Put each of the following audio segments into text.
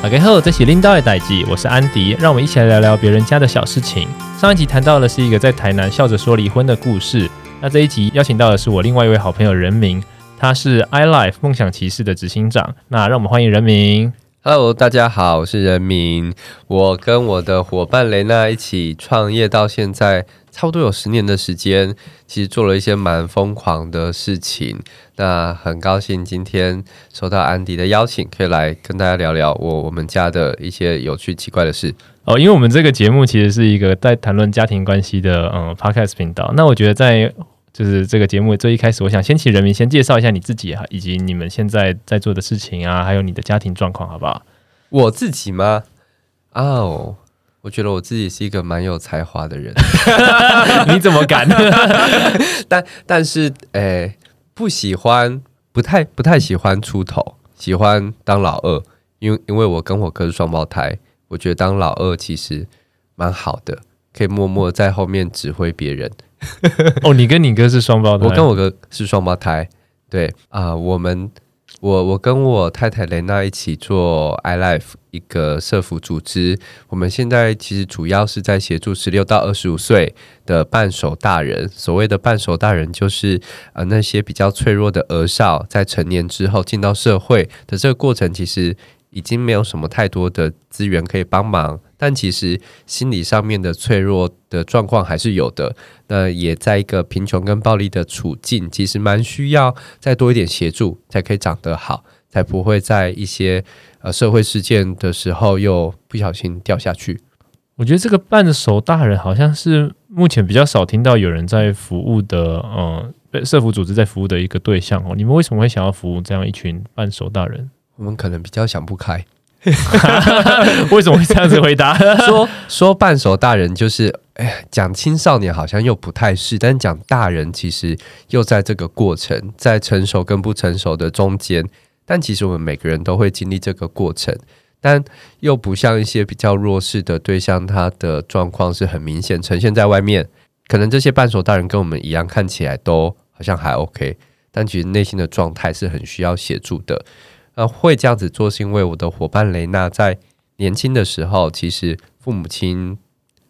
ok 好，Hello 這期拎叨 ㄟ 代誌，我是安迪，讓我們一起來聊聊別人家的小事情。上一集談到的是一個在台南笑着說離婚的故事。那這一集邀請到的是我另外一位好朋友仁銘，他是 I-Life 夢想騎士的執行長。那讓我們歡迎仁銘。Hello，大家好，我是仁銘。我跟我的夥伴蕾娜一起創業到現在，差不多有十年的時間，其實做了一些蠻瘋狂的事情。那很高興今天收到安迪的邀請，可以來跟大家聊聊我我們家的一些有趣奇怪的事哦。因為我們這個節目其實是一個在談論家庭關係的嗯 podcast 頻道。那我覺得在就是這個節目最一開始，我想先請仁銘先介紹一下你自己以及你們現在在做的事情啊，還有你的家庭狀況好不好？我自己嗎？哦、oh.。我覺得我自己是一個蠻有才華的人， 你怎麼敢？ 但但是，誒、欸，不喜歡，不太不太喜歡出頭，喜歡當老二，因為因為我跟我哥是雙胞胎，我覺得當老二其實蠻好的，可以默默在後面指揮別人。哦，你跟你哥是雙胞胎？我跟我哥是雙胞胎，對啊、呃，我們。我我跟我太太雷娜一起做 I-Life 一個社福組織，我們現在其實主要是在協助十六到二十五歲的半熟大人。所謂的半熟大人，就是呃那些比較脆弱的兒少，在成年之後進到社會的這個過程，其實已經沒有什麼太多的資源可以幫忙。但其實心理上面的脆弱的狀況還是有的，那也在一個貧窮跟暴力的處境，其實蠻需要再多一點協助，才可以長得好，才不會在一些呃社會事件的時候又不小心掉下去。我覺得這個半熟大人好像是目前比較少聽到有人在服務的，呃社福組織在服務的一個對象哦。你們為什麼會想要服務這樣一群半熟大人？我們可能比較想不開。 為什麼會這樣子回答？ 說說半熟大人就是，哎呀，講青少年好像又不太是，但講大人其實又在這個過程，在成熟跟不成熟的中間。但其實我們每個人都會經歷這個過程，但又不像一些比較弱勢的對象，他的狀況是很明顯呈現在外面。可能這些半熟大人跟我們一樣，看起來都好像還 OK，但其實內心的狀態是很需要協助的。那會這樣子做是因為我的夥伴雷娜在年輕的時候，其實父母親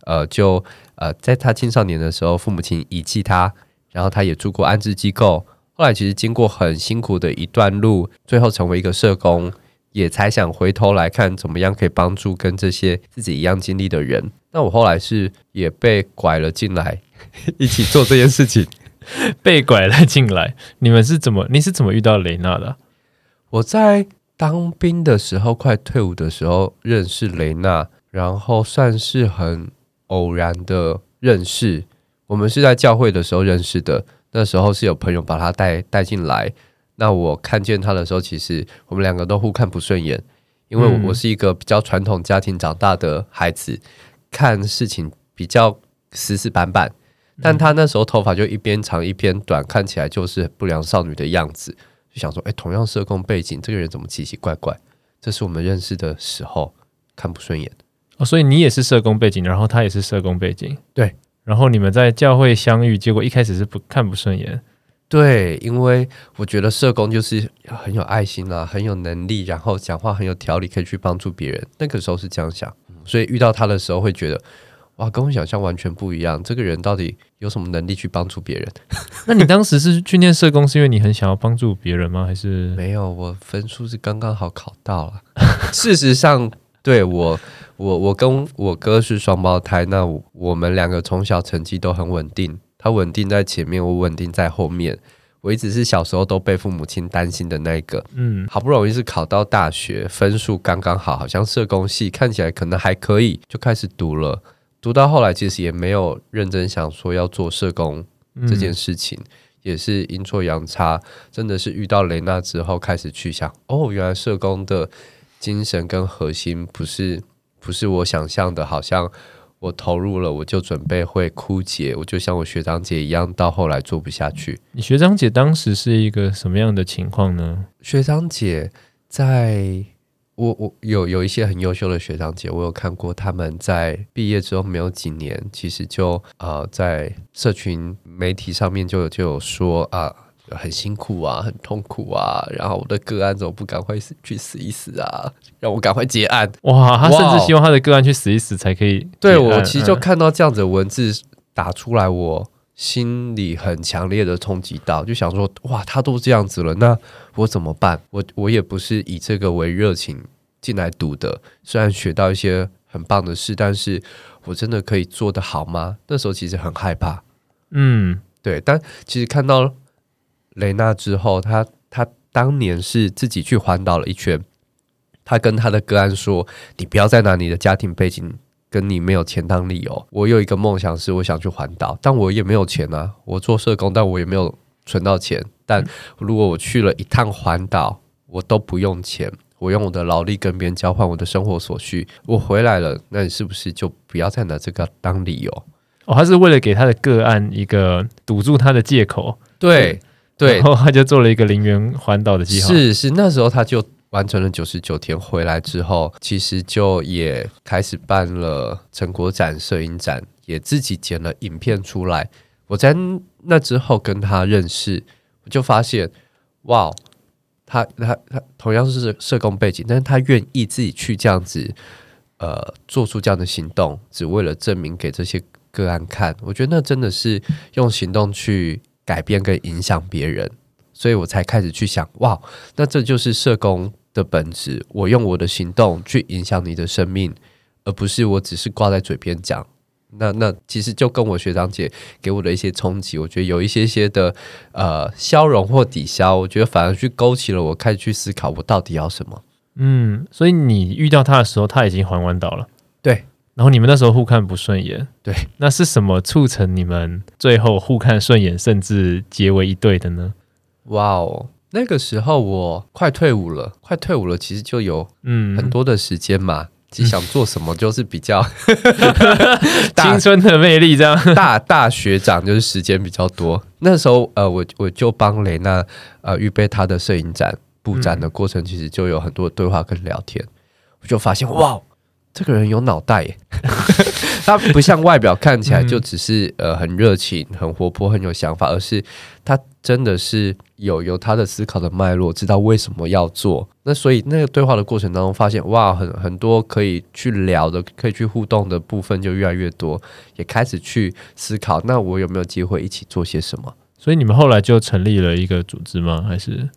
呃就呃在她青少年的時候，父母親遺棄她，然後她也住過安置機構。後來其實經過很辛苦的一段路，最後成為一個社工，也才想回頭來看怎麼樣可以幫助跟這些自己一樣經歷的人。那我後來是也被拐了進來，一起做這件事情， 被拐了進來。你們是怎麼？你是怎麼遇到雷娜的？我在當兵的時候，快退伍的時候認識雷娜，然後算是很偶然的認識。我們是在教會的時候認識的，那時候是有朋友把她帶帶進來。那我看見她的時候，其實我們兩個都互看不順眼，因為我是一個比較傳統家庭長大的孩子，嗯、看事情比較死死板板。但她那時候頭髮就一邊長一邊短，看起來就是不良少女的樣子。就想說，哎、欸，同樣社工背景，這個人怎麼奇奇怪怪？這是我們認識的時候看不順眼哦。所以你也是社工背景，然後他也是社工背景，對。然後你們在教會相遇，結果一開始是不看不順眼。對，因為我覺得社工就是很有愛心啦、啊，很有能力，然後講話很有條理，可以去幫助別人。那個時候是這樣想，所以遇到他的時候會覺得。哇，跟我想象完全不一樣。這個人到底有什麼能力去幫助別人？ 那你當時是去念社工，是因為你很想要幫助別人嗎？還是沒有？我分數是剛剛好考到了。 事實上，對，我，我，我跟我哥是雙胞胎。那我們兩個從小成績都很穩定，他穩定在前面，我穩定在後面。我一直是小時候都被父母親擔心的那個。嗯，好不容易是考到大學，分數剛剛好，好像社工系看起來可能還可以，就開始讀了。讀到後來，其實也沒有認真想說要做社工這件事情，嗯、也是陰錯陽差，真的是遇到雷娜之後開始去想。哦，原來社工的精神跟核心不是不是我想象的，好像我投入了我就準備會枯竭，我就像我學長姐一樣，到後來做不下去。你學長姐當時是一個什麼樣的情況呢？學長姐在。我我有有一些很優秀的學長姐，我有看過他們在畢業之後沒有幾年，其實就呃在社群媒體上面就就有說啊很辛苦啊很痛苦啊，然後我的個案怎麼不趕快去死一死啊，讓我趕快結案哇！他甚至希望他的個案去死一死才可以。對，我其實就看到這樣子的文字打出來我，心裡很強烈的衝擊到，就想說：哇，他都這樣子了，那我怎麼辦？我我也不是以這個為熱情進來讀的，雖然學到一些很棒的事，但是我真的可以做得好嗎？那時候其實很害怕。嗯，對。但其實看到雷娜之後，他他當年是自己去環島了一圈，他跟他的個案說：“你不要再拿你的家庭背景。”跟你沒有錢當理由，我有一個夢想是我想去環島，但我也沒有錢啊。我做社工，但我也沒有存到錢。但如果我去了一趟環島，我都不用錢，我用我的勞力跟別人交換我的生活所需。我回來了，那你是不是就不要再拿這個當理由？哦，他是為了給他的個案一個堵住他的借口。對對，然後他就做了一個零元環島的計劃。是是，那時候他就。完成了九十九天回來之後，其實就也開始辦了成果展、攝影展，也自己剪了影片出來。我在那之後跟他認識，我就發現，哇，他他他同樣是社工背景，但是他願意自己去這樣子，呃，做出這樣的行動，只為了證明給這些個案看。我覺得那真的是用行動去改變跟影響別人。所以我才開始去想，哇，那這就是社工的本質。我用我的行動去影響你的生命，而不是我只是掛在嘴邊講。那那其實就跟我學長姐給我的一些衝擊，我覺得有一些些的呃消融、或抵消，我覺得反而去勾起了我開始去思考我到底要什麼。嗯，所以你遇到他的時候，他已經環完島了。對，然後你們那時候互看不順眼。對，那是什麼促成你們最後互看順眼，甚至結為一對的呢？哇哦！那個時候我快退伍了，快退伍了，其實就有嗯很多的時間嘛。其、嗯、實想做什麼就是比較 青春的魅力，這樣大大學長就是時間比較多。那時候呃，我我就幫蕾娜呃預備她的攝影展布展的過程，其實就有很多的對話跟聊天。我就發現哇，這個人有腦袋耶， 他不像外表看起來就只是呃很熱情、很活潑、很有想法，而是他真的是。有有他的思考的脈絡，知道為什麼要做。那所以那個對話的過程當中，發現哇，很很多可以去聊的、可以去互動的部分就越來越多，也開始去思考，那我有沒有機會一起做些什麼？所以你們後來就成立了一個組織嗎？還是？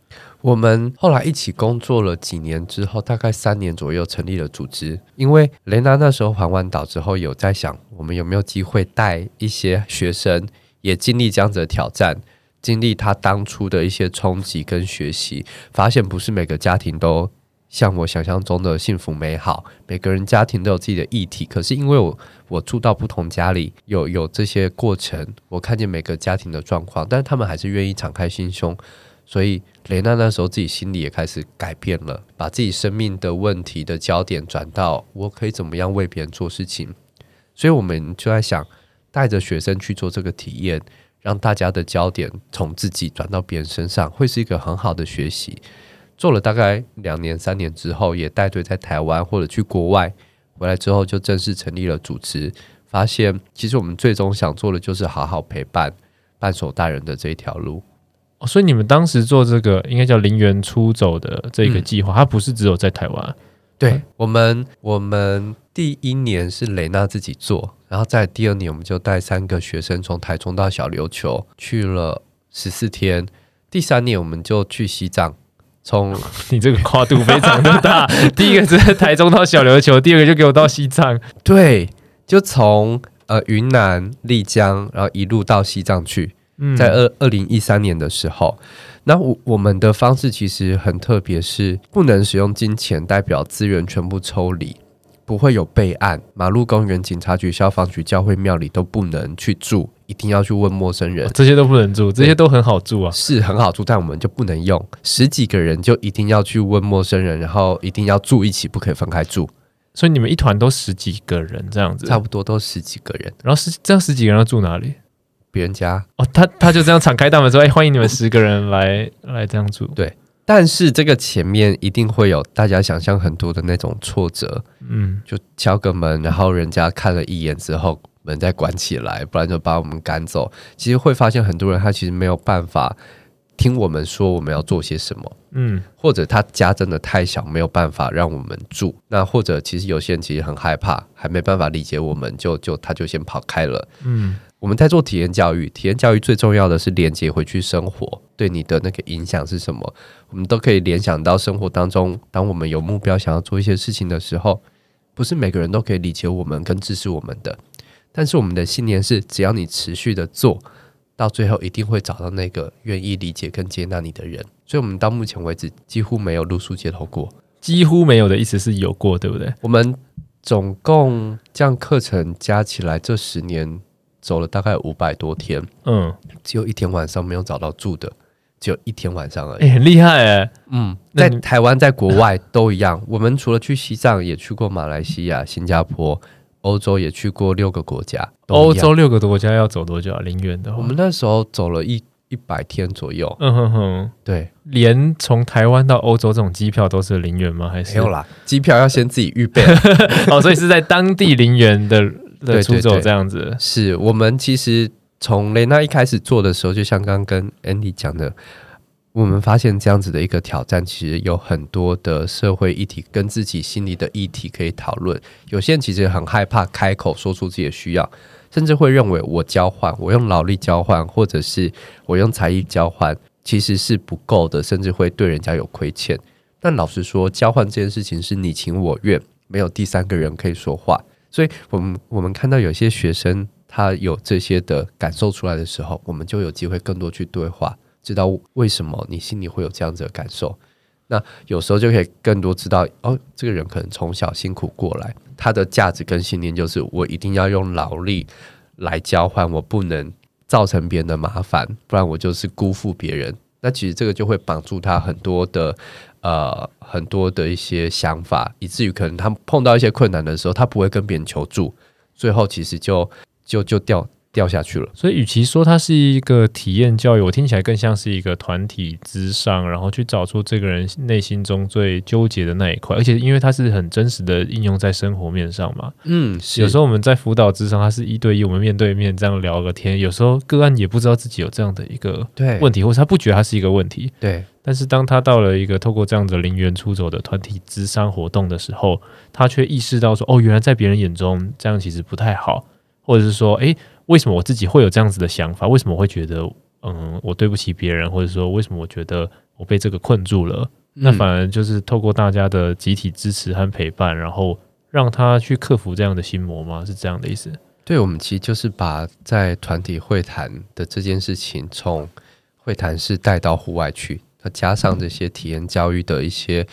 我們後來一起工作了幾年之後，大概三年左右成立了組織。因為雷娜那時候環完島之後，有在想我們有沒有機會帶一些學生也經歷這樣子的挑戰。經歷他當初的一些衝擊跟學習，發現不是每個家庭都像我想象中的幸福美好。每個人家庭都有自己的議題，可是因為我我住到不同家裡，有有這些過程，我看見每個家庭的狀況，但他們還是願意敞開心胸。所以雷娜那時候自己心裡也開始改變了，把自己生命的問題的焦點轉到我可以怎麼樣為別人做事情。所以我們就在想帶着學生去做這個體驗。讓大家的焦點從自己轉到別人身上，會是一個很好的學習。做了大概兩年、三年之後，也帶隊在台灣或者去國外回來之後，就正式成立了組織。發現其實我們最終想做的就是好好陪伴、半熟大人的這一條路，哦。所以你們當時做這個，應該叫“零元出走”的這個計劃、嗯，它不是只有在台灣。嗯、對我們，我們。第一年是雷娜自己做，然後在第二年我們就帶三個學生從台中到小琉球去了十四天。第三年我們就去西藏，從 你這個跨度非常的大。 第一個是台中到小琉球， 第二個就給我到西藏，對，就從呃雲南麗江，然後一路到西藏去。嗯，在二二零一三年的時候，嗯、那我我們的方式其實很特別，是不能使用金錢代表資源全部抽離。不會有備案，馬路、公園、警察局、消防局、教會、廟裡都不能去住，一定要去問陌生人。哦，這些都不能住，這些都很好住啊，是很好住，但我們就不能用。十幾個人就一定要去問陌生人，然後一定要住一起，不可以分開住。所以你們一團都十幾個人這樣子，差不多都十幾個人。然後十這樣十幾個人要住哪裡？別人家哦，他他就這樣敞開大門說：“哎，歡迎你們十個人來 來，來這樣住。”對。但是這個前面一定會有大家想象很多的那種挫折，嗯，就敲個門，然後人家看了一眼之後，門再關起來，不然就把我們趕走。其實會發現很多人他其實沒有辦法，聽我們說我們要做些什麼，嗯，或者他家真的太小，沒有辦法讓我們住。那或者其實有些人其實很害怕，還沒辦法理解我們，就就他就先跑開了，嗯。我們在做體驗教育，體驗教育最重要的是連接回去生活，對你的那個影響是什麼？我們都可以聯想到生活當中，當我們有目標想要做一些事情的時候，不是每個人都可以理解我們跟支持我們的。但是我們的信念是，只要你持續的做。到最後一定會找到那個願意理解跟接納你的人，所以我們到目前為止幾乎沒有露宿街頭過。幾乎沒有的意思是有過，對不對？我們總共這樣課程加起來，這十年走了大概五百多天，嗯，只有一天晚上沒有找到住的，只有一天晚上而已，很厲害誒，嗯，在台灣、在國外都一樣。我們除了去西藏，也去過馬來西亞、新加坡。歐洲也去過六個國家，歐洲，洲六個國家要走多久啊？零元的？我們那時候走了一一百天左右。嗯哼哼，對，連從台灣到歐洲這種機票都是零元嗎？還是沒有啦，機票要先自己預備。 哦，所以是在當地零元的出 走這樣子。對對對，是我們其實從雷娜一開始做的時候，就像剛跟 Andy 講的。我們發現這樣子的一個挑戰，其實有很多的社會議題跟自己心裡的議題可以討論。有些人其實很害怕開口說出自己的需要，甚至會認為我交換，我用勞力交換，或者是我用才藝交換，其實是不夠的，甚至會對人家有虧欠。但老實說，交換這件事情是你情我願，沒有第三個人可以說話。所以，我們我們看到有些學生他有這些的感受出來的時候，我們就有機會更多去對話。知道為什麼你心裡會有這樣子的感受？那有時候就可以更多知道哦，這個人可能從小辛苦過來，他的價值跟信念就是我一定要用勞力來交換，我不能造成別人的麻煩，不然我就是辜負別人。那其實這個就會綁住他很多的呃，很多的一些想法，以至於可能他碰到一些困難的時候，他不會跟別人求助，最後其實就就就掉。掉下去了，所以與其說它是一個體驗教育，我聽起來更像是一個團體諮商，然後去找出這個人內心中最糾結的那一塊。而且因為它是很真實的應用在生活面上嘛，嗯，是有時候我們在輔導諮商，它是一對一，我們面對面這樣聊個天。有時候個案也不知道自己有這樣的一個問題，或者他不覺得他是一個問題，對。但是當他到了一個透過這樣的零元出走的團體諮商活動的時候，他卻意識到說，哦，原來在別人眼中這樣其實不太好，或者是說，哎、欸為什麼我自己會有這樣子的想法？為什麼我會覺得嗯，我對不起別人，或者說為什麼我覺得我被這個困住了？嗯、那反而就是透過大家的集體支持和陪伴，然後讓他去克服這樣的心魔嗎？是這樣的意思？對，我們其實就是把在團體會談的這件事情從會談室帶到戶外去，再加上這些體驗教育的一些。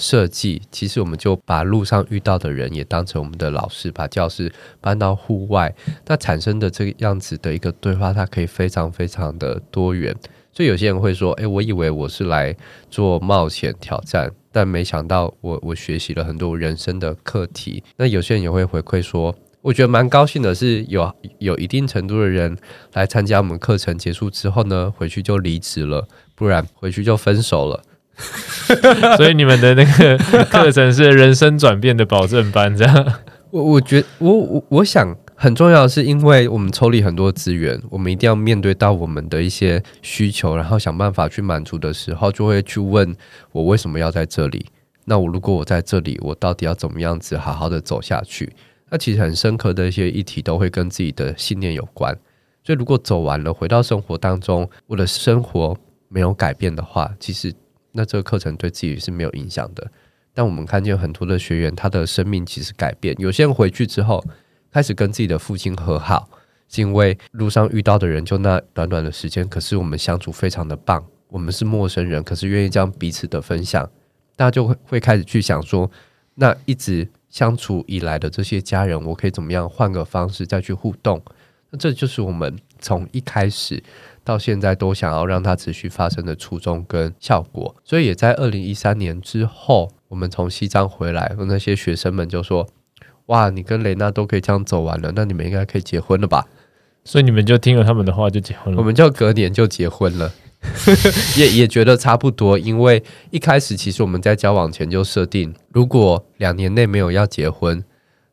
設計，其實我們就把路上遇到的人也當成我們的老師，把教室搬到戶外，那產生的這個樣子的一個對話，它可以非常非常的多元。所以有些人會說：“誒、欸，我以為我是來做冒險挑戰，但沒想到我我學習了很多人生的課題。”那有些人也會回饋說：“我覺得蠻高興的是有，有有一定程度的人來參加我們課程，結束之後呢，回去就離職了，不然回去就分手了。” 所以你們的那個課程是人生轉變的保證班，這樣 我。我覺得我覺我我我想很重要的是，因為我們抽離很多資源，我們一定要面對到我們的一些需求，然後想辦法去滿足的時候，就會去問我為什麼要在這裡？那我如果我在這裡，我到底要怎麼樣子好好的走下去？那其實很深刻的一些議題都會跟自己的信念有關。所以如果走完了，回到生活當中，我的生活沒有改變的話，其實。那這個課程對自己是沒有影響的，但我們看見很多的學員，他的生命其實改變。有些人回去之後，開始跟自己的父親和好，是因為路上遇到的人，就那短短的時間，可是我們相處非常的棒。我們是陌生人，可是願意將彼此的分享，大家就會會開始去想說，那一直相處以來的這些家人，我可以怎麼樣換個方式再去互動？那這就是我們從一開始。到現在都想要讓它持續發生的初衷跟效果，所以也在二零一三年之後，我們從西藏回來，那些學生們就說：“哇，你跟雷娜都可以這樣走完了，那你們應該可以結婚了吧？”所以你們就聽了他們的話就結婚了？我們就隔年就結婚了，也也覺得差不多。因為一開始其實我們在交往前就設定，如果兩年內沒有要結婚，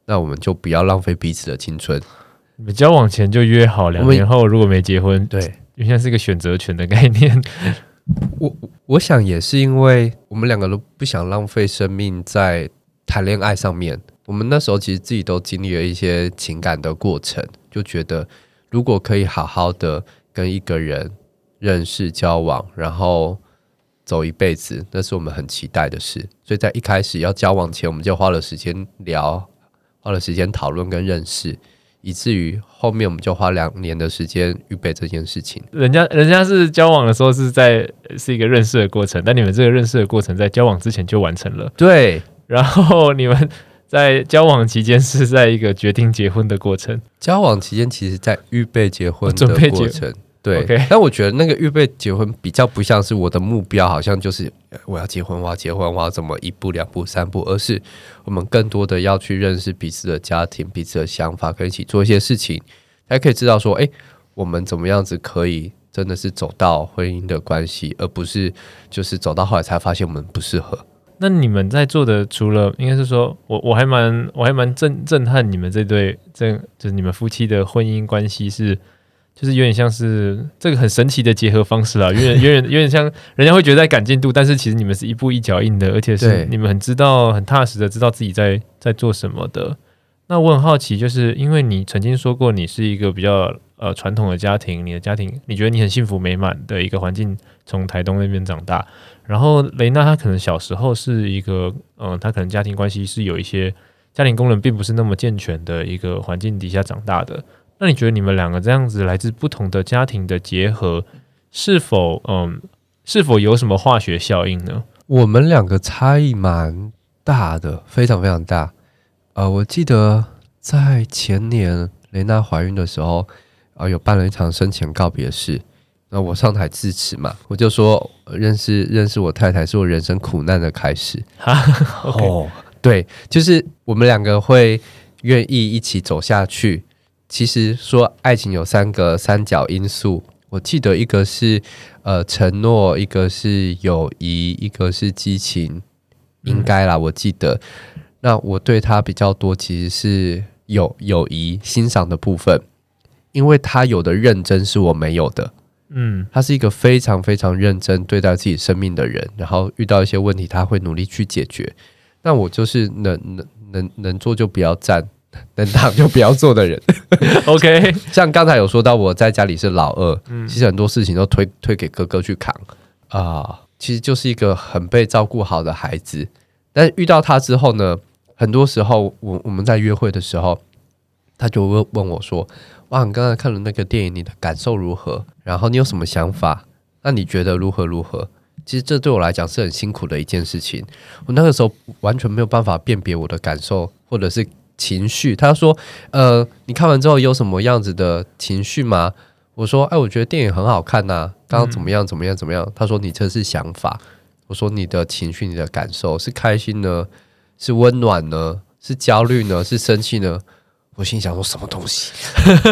那我們就不要浪費彼此的青春。你們交往前就約好兩年後如果沒結婚，對。像是一個選擇權的概念我。我我想也是因為我們兩個都不想浪費生命在談戀愛上面。我們那時候其實自己都經歷了一些情感的過程，就覺得如果可以好好的跟一個人認識交往，然後走一輩子，那是我們很期待的事。所以在一開始要交往前，我們就花了時間聊，花了時間討論跟認識。以至於後面我們就花兩年的時間預備這件事情。人家，人家是交往的時候是在，是一個認識的過程，但你們這個認識的過程在交往之前就完成了。對，然後你們在交往期間是在一個決定結婚的過程。交往期間其實在預備結婚，準備結婚的過程。對、okay，但我覺得那個預備結婚比較不像是我的目標，好像就是、呃、我要結婚，我要結婚，我要怎麼一步兩步三步，而是我們更多的要去認識彼此的家庭、彼此的想法，跟一起做一些事情，還可以知道說，哎，我們怎麼樣子可以真的是走到婚姻的關係，而不是就是走到後來才發現我們不適合。那你們在做的，除了應該是說，我我還蠻我還蠻震震撼你們這對，這就是你們夫妻的婚姻關係是。就是有點像是這個很神奇的結合方式啦，有點有點有點像人家會覺得在趕進度， 但是其實你們是一步一腳印的，而且是你們很知道、很踏實的知道自己在在做什麼的。那我很好奇，就是因為你曾經說過，你是一個比較呃傳統的家庭，你的家庭你覺得你很幸福美滿的一個環境，從台東那邊長大。然後雷娜她可能小時候是一個嗯、呃，她可能家庭關係是有一些家庭功能並不是那麼健全的一個環境底下長大的。那你覺得你們兩個這樣子來自不同的家庭的結合，是否嗯，是否有什麼化學效應呢？我們兩個差異蠻大的，非常非常大。呃，我記得在前年雷娜懷孕的時候，啊、呃，有辦了一場生前告別式，那、呃、我上台致辭嘛，我就說認識認識我太太是我人生苦難的開始。哈哈哈，okay. 哦，對，就是我們兩個會願意一起走下去。其實說愛情有三個三角因素，我記得一個是呃承諾，一個是友誼，一個是激情，應該啦。我記得，嗯、那我對他比較多其實是友友誼欣賞的部分，因為他有的認真是我沒有的，嗯，他是一個非常非常認真對待自己生命的人，然後遇到一些問題他會努力去解決，那我就是能能能能坐就不要站，能躺就不要坐的人，OK。 像剛才有說到我在家裡是老二，其實很多事情都推推給哥哥去扛啊。Uh, 其實就是一個很被照顧好的孩子，但遇到他之後呢，很多時候我我們在約會的時候，他就問問我說：“哇，你剛才看了那個電影，你的感受如何？然後你有什麼想法？那你覺得如何如何？”其實這對我來講是很辛苦的一件事情。我那個時候完全沒有辦法辨別我的感受，或者是。情緒，他說：“呃，你看完之後有什麼樣子的情緒嗎？”我說：“哎，我覺得電影很好看吶、啊，剛，剛怎麼樣，怎麼樣，怎麼樣？”他說：“你這是想法。”我說：“你的情緒，你的感受是開心呢，是溫暖呢，是焦慮呢，是生氣呢？”我心想：“說什麼東西？”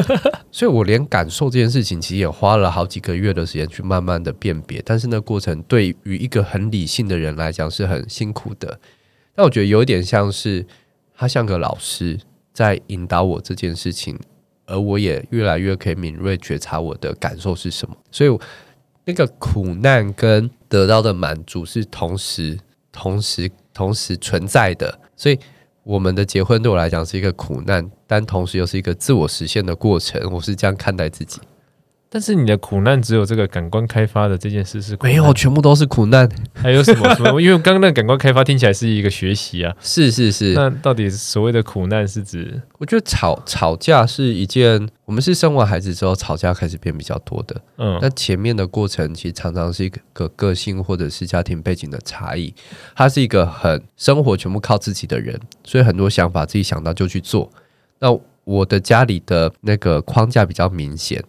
所以我連感受這件事情，其實也花了好幾個月的時間去慢慢的辨別。但是那過程對於一個很理性的人來講是很辛苦的。但我覺得有點像是。他像個老師，在引導我這件事情，而我也越來越可以敏銳覺察我的感受是什麼。所以，那個苦難跟得到的滿足是同時、同時、同時存在的。所以，我們的結婚對我來講是一個苦難，但同時又是一個自我實現的過程。我是這樣看待自己。但是你的苦難只有這個感官開發的這件事是苦？沒有，全部都是苦難。還有什麼什麼？ 因為剛剛那個感官開發聽起來是一個學習啊。是是是。那到底所謂的苦難是指？我覺得吵吵架是一件，我們是生完孩子之後吵架開始變比較多的。嗯。那前面的過程其實常常是一個個性或者是家庭背景的差異。他是一個很生活全部靠自己的人，所以很多想法自己想到就去做。那我的家裡的那個框架比較明顯。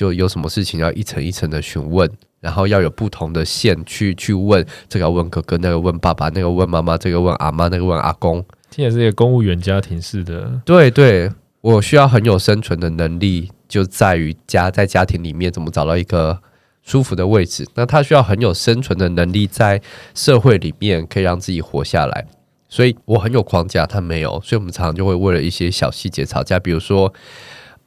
就有什麼事情要一層一層的詢問，然後要有不同的線去去問，這個要問哥哥，那個問爸爸，那個問媽媽，這個問阿媽，那個問阿公。聽起來是一個公務員家庭似的。對對，我需要很有生存的能力，就在於家在家庭裡面怎麼找到一個舒服的位置。那他需要很有生存的能力，在社會裡面可以讓自己活下來。所以我很有框架，他沒有，所以我們常常就會為了一些小細節吵架，比如說。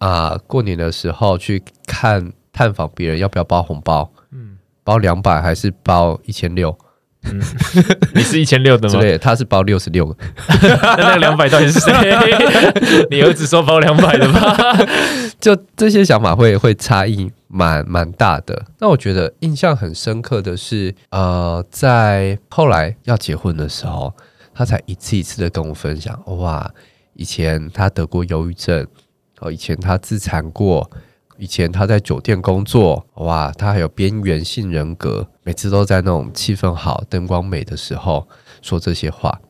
啊，過年的時候去看探訪別人，要不要包紅包？嗯，包兩百還是包一千六？ 你是一千六的嗎？對，他是包六十六個 那兩百到底是誰？ 你兒子說包兩百的嗎？ 就這些想法會會差異蠻蠻大的。那我覺得印象很深刻的是，呃，在後來要結婚的時候，他才一次一次的跟我分享，哇，以前他得過憂鬱症。以前他自殘過，以前他在酒店工作，哇，他還有邊緣性人格，嗯，每次都在那種氣氛好、燈光美的時候說這些話，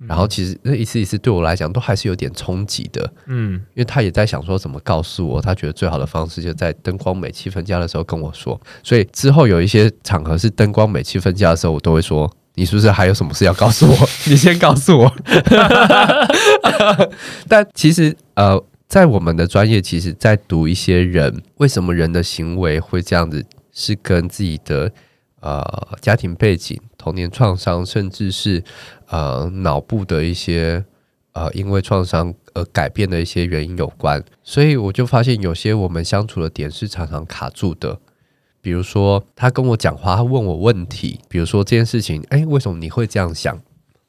嗯，然後其實那一次一次對我來講都還是有點衝擊的，嗯，因為他也在想說怎麼告訴我，他覺得最好的方式就在燈光美、氣氛佳的時候跟我說，所以之後有一些場合是燈光美、氣氛佳的時候，我都會說你是不是還有什麼事要告訴我？ 你先告訴我， 但其實呃。在我們的專業，其實，在讀一些人為什麼人的行為會這樣子，是跟自己的呃家庭背景、童年創傷，甚至是呃腦部的一些呃因為創傷而改變的一些原因有關。所以我就發現，有些我們相處的點是常常卡住的。比如說，他跟我講話，他問我問題，比如說這件事情，哎、欸，為什麼你會這樣想？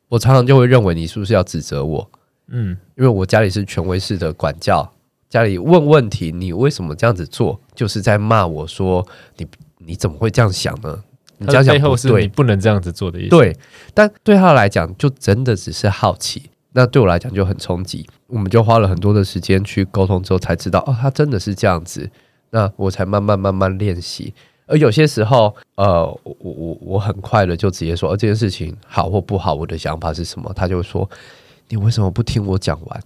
我常常就會認為你是不是要指責我？嗯，因為我家裡是權威式的管教，家裡問問題，你為什麼這樣子做，就是在罵我說你你怎麼會這樣想呢？你這樣想，他的背後是你不能這樣子做的意思。對，但對他來講就真的只是好奇，那對我來講就很衝擊。我們就花了很多的時間去溝通之後才知道，哦，他真的是這樣子，那我才慢慢慢慢練習。而有些時候，呃，我我我很快的就直接說，而，啊，這件事情好或不好，我的想法是什麼，他就說。你為什麼不聽我講完？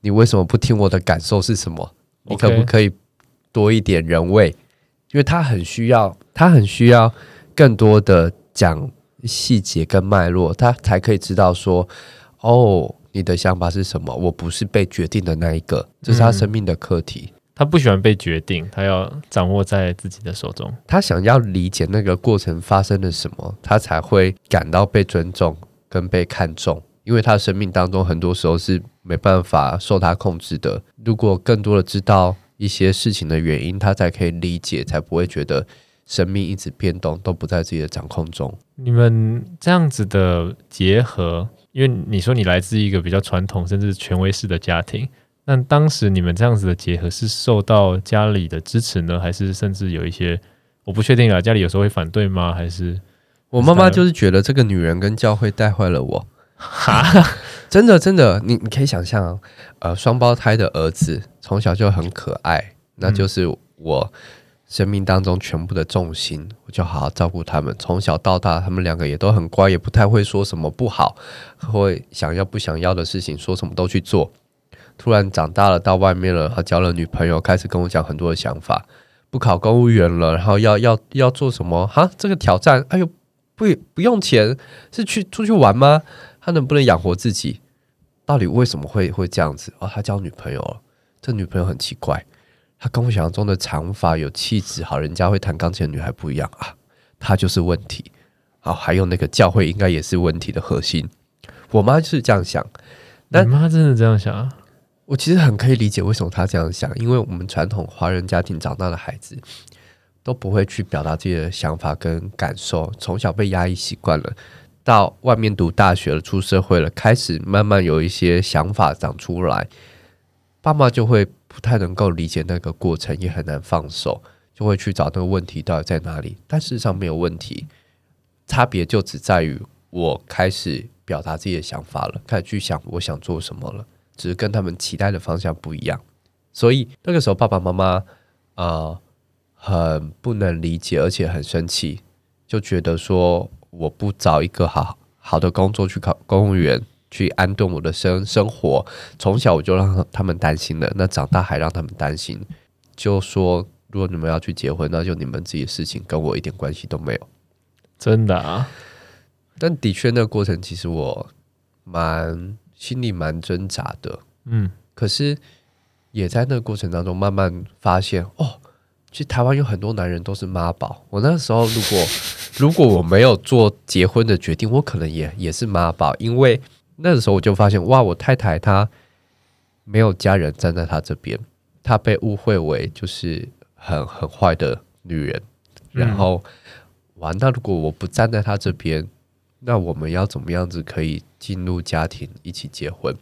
你為什麼不聽我的感受是什麼？你可不可以多一點人味？Okay. 因為他很需要，他很需要更多的講細節跟脈絡，他才可以知道說，哦，你的想法是什麼？我不是被決定的那一個，這，就是他生命的課題，嗯。他不喜歡被決定，他要掌握在自己的手中。他想要理解那個過程發生了什麼，他才會感到被尊重跟被看重。因為他的生命當中很多時候是沒辦法受他控制的。如果更多的知道一些事情的原因，他才可以理解，才不會覺得生命一直變動都不在自己的掌控中。你們這樣子的結合，因為你說你來自一個比較傳統甚至權威式的家庭，那當時你們這樣子的結合是受到家裡的支持呢？還是甚至有一些我不確定啊，家裡有時候會反對嗎？還是我媽媽就是覺得這個女人跟教會帶壞了我？哈，真的真的，你你可以想象啊，呃，雙胞胎的兒子從小就很可愛，那就是我生命當中全部的重心，我就好好照顧他們。從小到大，他們兩個也都很乖，也不太會說什麼不好，會想要不想要的事情，說什麼都去做。突然長大了，到外面了，他交了女朋友，開始跟我講很多的想法，不考公務員了，然後要要要做什麼？哈，這個挑戰，哎呦，不不用錢，是去出去玩嗎？他能不能養活自己？到底為什麼會會這樣子？哦，他交女朋友了，這女朋友很奇怪，他跟我想象中的長髮有氣質、好人家會彈鋼琴的女孩不一樣啊，他就是問題。好、哦，還有那個教會應該也是問題的核心。我媽是這樣想，你媽真的這樣想？我其實很可以理解為什麼她這樣想，因為我們傳統華人家庭長大的孩子都不會去表達自己的想法跟感受，從小被壓抑習慣了。到外面讀大學了，出社會了，開始慢慢有一些想法長出來，爸媽就會不太能夠理解那個過程，也很難放手，就會去找那個問題到底在哪裡。但事實上沒有問題，差別就只在於我開始表達自己的想法了，開始去想我想做什麼了，只是跟他們期待的方向不一樣，所以那個時候爸爸媽媽呃很不能理解，而且很生氣，就覺得說。我不找一個好好的工作，去考公務員，去安頓我的生生活。從小我就讓他們擔心了，那長大還讓他們擔心，就說如果你們要去結婚，那就你們自己的事情，跟我一點關係都沒有。真的啊？但的確，那個過程其實我蠻心裡蠻掙扎的。嗯，可是也在那個過程當中慢慢發現哦。去台灣有很多男人都是媽寶。我那時候如果，如果我沒有做結婚的決定，我可能也，也是媽寶。因為那時候我就發現哇，我太太她沒有家人站在她這邊，她被誤會為就是很，很壞的女人。然後、嗯、哇，那如果我不站在她這邊，那我們要怎麼樣子可以進入家庭一起結婚？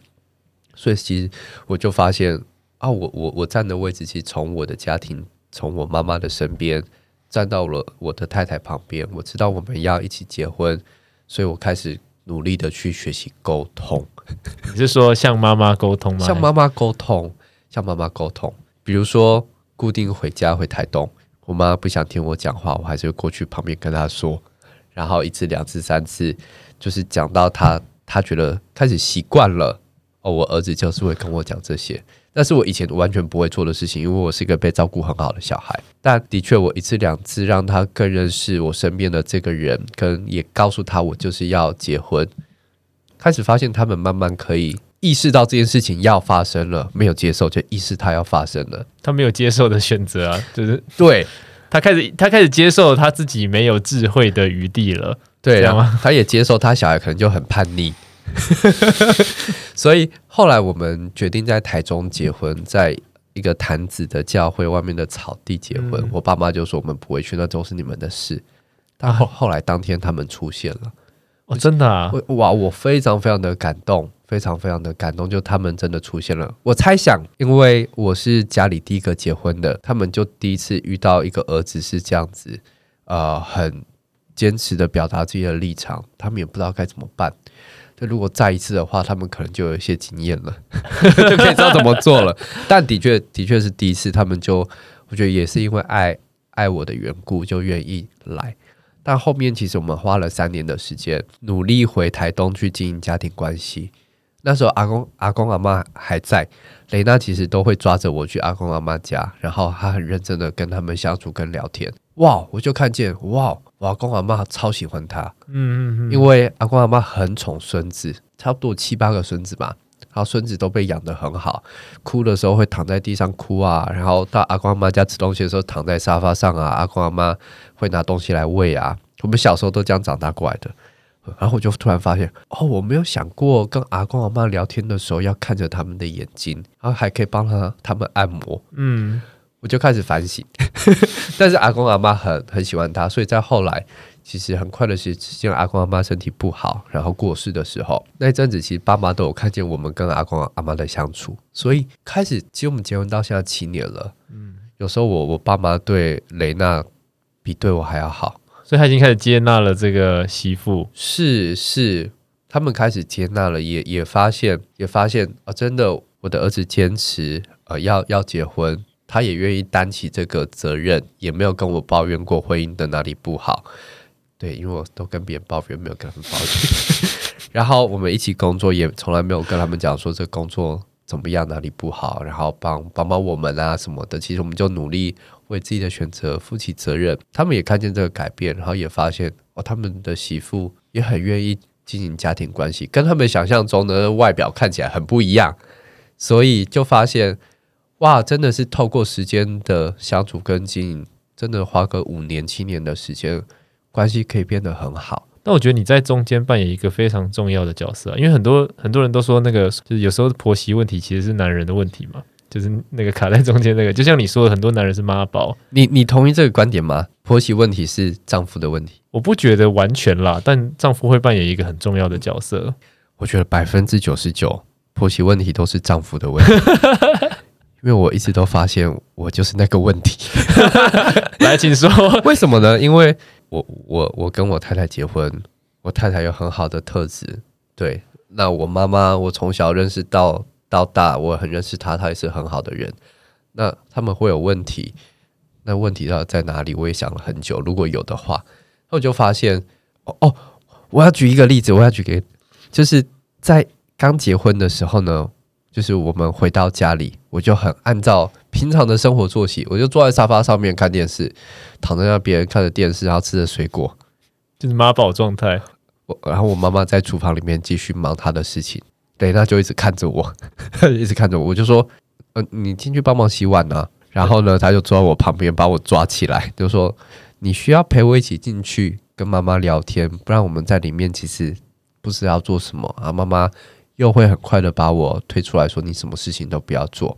所以其實我就發現啊，我，我，我站的位置其實從我的家庭。從我媽媽的身邊站到了我的太太旁邊，我知道我們要一起結婚，所以我開始努力的去學習溝通。 你是說向媽媽溝通嗎？向媽媽溝通，向媽媽溝通。比如說，固定回家回台東，我媽不想聽我講話，我還是會過去旁邊跟她說，然後一次、兩次、三次，就是講到她，她覺得開始習慣了。哦，我兒子就是會跟我講這些。但是我以前完全不會做的事情，因為我是一個被照顧很好的小孩。但的確，我一次兩次讓他更認識我身邊的這個人，跟也告訴他我就是要結婚。開始發現他們慢慢可以意識到這件事情要發生了，沒有接受，就意識他要發生了。他沒有接受的選擇啊，就是 對，他開始，他開始接受他自己沒有智慧的餘地了，對 嗎？他也接受他小孩可能就很叛逆。 所以後來我們決定在台中結婚，在一個潭子的教會外面的草地結婚。嗯、我爸媽就說我們不會去，那都是你們的事。但後後來當天他們出現了。哦，真的啊！哇，我非常非常的感動，非常非常的感動，就他們真的出現了。我猜想，因為我是家裡第一個結婚的，他們就第一次遇到一個兒子是這樣子，呃，很堅持的表達自己的立場，他們也不知道該怎麼辦。如果再一次的話，他們可能就有一些經驗了， 就可以知道怎麼做了。 但的確，的確是第一次，他們就我覺得也是因為愛愛我的緣故，就願意來。但後面其實我們花了三年的時間，努力回台東去經營家庭關係。那時候阿公阿公阿媽還在，雷娜其實都會抓着我去阿公阿媽家，然後她很認真的跟他們相處跟聊天。哇！我就看見哇，我阿公阿媽超喜歡他。嗯嗯嗯，因為阿公阿媽很寵孫子，差不多七八個孫子吧，然後孫子都被養得很好，哭的時候會躺在地上哭啊，然後到阿公阿媽家吃東西的時候躺在沙發上啊，阿公阿媽會拿東西來餵啊，我們小時候都這樣長大過來的，然後我就突然發現，哦，我沒有想過跟阿公阿媽聊天的時候要看着他們的眼睛，然後還可以幫他他們按摩，嗯。我就開始反省， 但是阿公阿媽很很喜歡他，所以在後來其實很快的時間，阿公阿媽身體不好，然後過世的時候，那一陣子其實爸媽都有看見我們跟阿公阿媽的相處，所以開始其實我們結婚到現在七年了，嗯，有時候我我爸媽對雷娜比對我還要好，所以他已經開始接納了這個媳婦，是是，他們開始接納了，也也發現也發現啊，真的我的兒子堅持呃要要結婚。他也願意擔起這個責任，也沒有跟我抱怨過婚姻的哪裡不好。對，因為我都跟別人抱怨，沒有跟他們抱怨。 然後我們一起工作，也從來沒有跟他們講說這工作怎麼樣，哪裡不好。然後幫幫幫我們啊什麼的。其實我們就努力為自己的選擇負起責任。他們也看見這個改變，然後也發現哦，他們的媳婦也很願意經營家庭關係，跟他們想象中的外表看起來很不一樣，所以就發現。哇，真的是透過時間的相處跟進，真的花個五年七年的時間，關係可以變得很好。但我覺得你在中間扮演一個非常重要的角色啊，因為很多很多人都說，那個就是有時候婆媳問題其實是男人的問題嘛，就是那個卡在中間那個，就像你說的，很多男人是媽寶。你你同意這個觀點嗎？婆媳問題是丈夫的問題？我不覺得完全啦，但丈夫會扮演一個很重要的角色。我覺得百分之九十九婆媳問題都是丈夫的問題。 因為我一直都發現我就是那個問題 來，請說。為什麼呢？因為我我我跟我太太結婚，我太太有很好的特質，對。那我媽媽，我從小認識到到大，我很認識她，她也是很好的人。那他們會有問題，那問題到底在哪裡？我也想了很久，如果有的話，那我就發現哦哦，我要舉一個例子，我要舉個，就是在剛結婚的時候呢。就是我們回到家裡，我就很按照平常的生活作息，我就坐在沙發上面看電視，躺在那邊看着電視，然後吃着水果，就是媽寶狀態。我然後我媽媽在廚房裡面繼續忙她的事情，對，她就一直看着我， 一直看着我，我就說，嗯、呃，你進去幫忙洗碗啊。然後呢，她就坐在我旁邊把我抓起來，就說你需要陪我一起進去跟媽媽聊天，不然我們在裡面其實不知道要做什麼啊，媽媽。又會很快的把我推出來說：“你什麼事情都不要做。”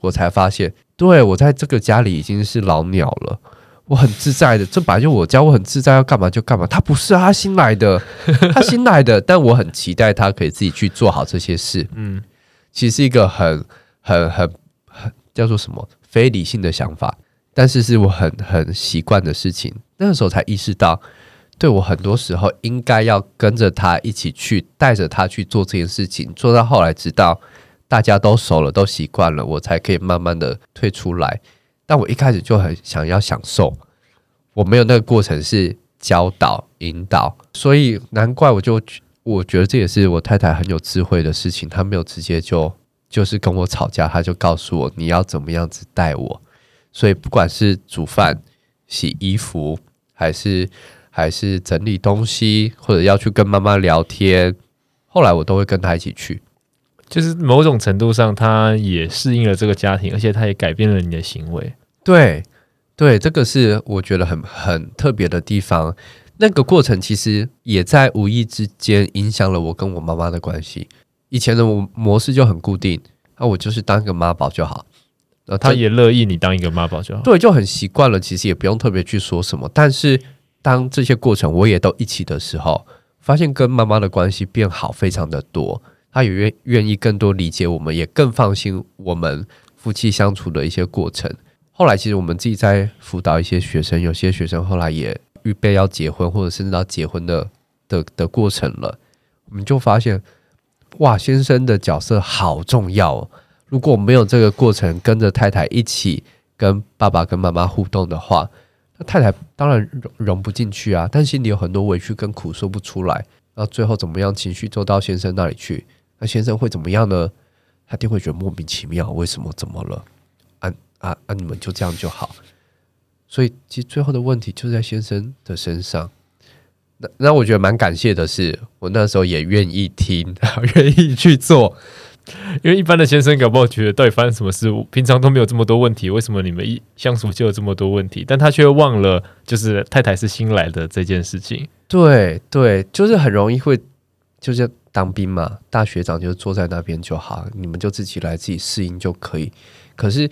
我才發現，對，我在這個家裡已經是老鳥了，我很自在的。這本來就我家，我很自在，要幹嘛就幹嘛。他不是啊，他新來的，他新來的。但我很期待他可以自己去做好這些事。嗯，其實是一個很、很、很、很叫做什麼非理性的想法，但是是我很、很習慣的事情。那個時候才意識到。對，我很多時候應該要跟着他一起去，帶着他去做這件事情，做到後來直到大家都熟了，都習慣了，我才可以慢慢的退出來。但我一開始就很想要享受，我沒有那個過程是教導引導，所以難怪我就我覺得這也是我太太很有智慧的事情，她沒有直接就就是跟我吵架，她就告訴我你要怎麼樣子帶我。所以不管是煮飯、洗衣服，還是還是整理東西，或者要去跟媽媽聊天，後來我都會跟她一起去。就是某種程度上，她也適應了這個家庭，而且她也改變了你的行為。對，對，這個是我覺得很很特別的地方。那個過程其實也在無意之間影響了我跟我媽媽的關係。以前的模式就很固定，那、啊、我就是當個媽寶就好，呃，她也樂意你當一個媽寶就好。對，就很習慣了，其實也不用特別去說什麼，但是。當這些過程我也都一起的時候，發現跟媽媽的關係變好，非常的多。她也願願意更多理解我們，也更放心我們夫妻相處的一些過程。後來，其實我們自己在輔導一些學生，有些學生後來也預備要結婚，或者甚至到結婚的的的過程了，我們就發現，哇，先生的角色好重要哦。如果我沒有這個過程，跟着太太一起跟爸爸跟媽媽互動的話。那太太當然融融不進去啊，但心裡有很多委屈跟苦說不出來，然後最後怎麼樣，情緒就到先生那裡去，那先生會怎麼樣呢？他定會覺得莫名其妙，為什麼？怎麼了？啊啊啊！你們就這樣就好。所以其實最後的問題就在先生的身上。那那我覺得蠻感謝的是，我那時候也願意聽，願意去做。因為一般的先生，搞不好覺得到底發生什麼事，平常都沒有這麼多問題，為什麼你們一相處就有這麼多問題？但他卻忘了，就是太太是新來的這件事情。對對，就是很容易會，就是當兵嘛，大學長就坐在那邊就好，你們就自己來，自己適應就可以。可是，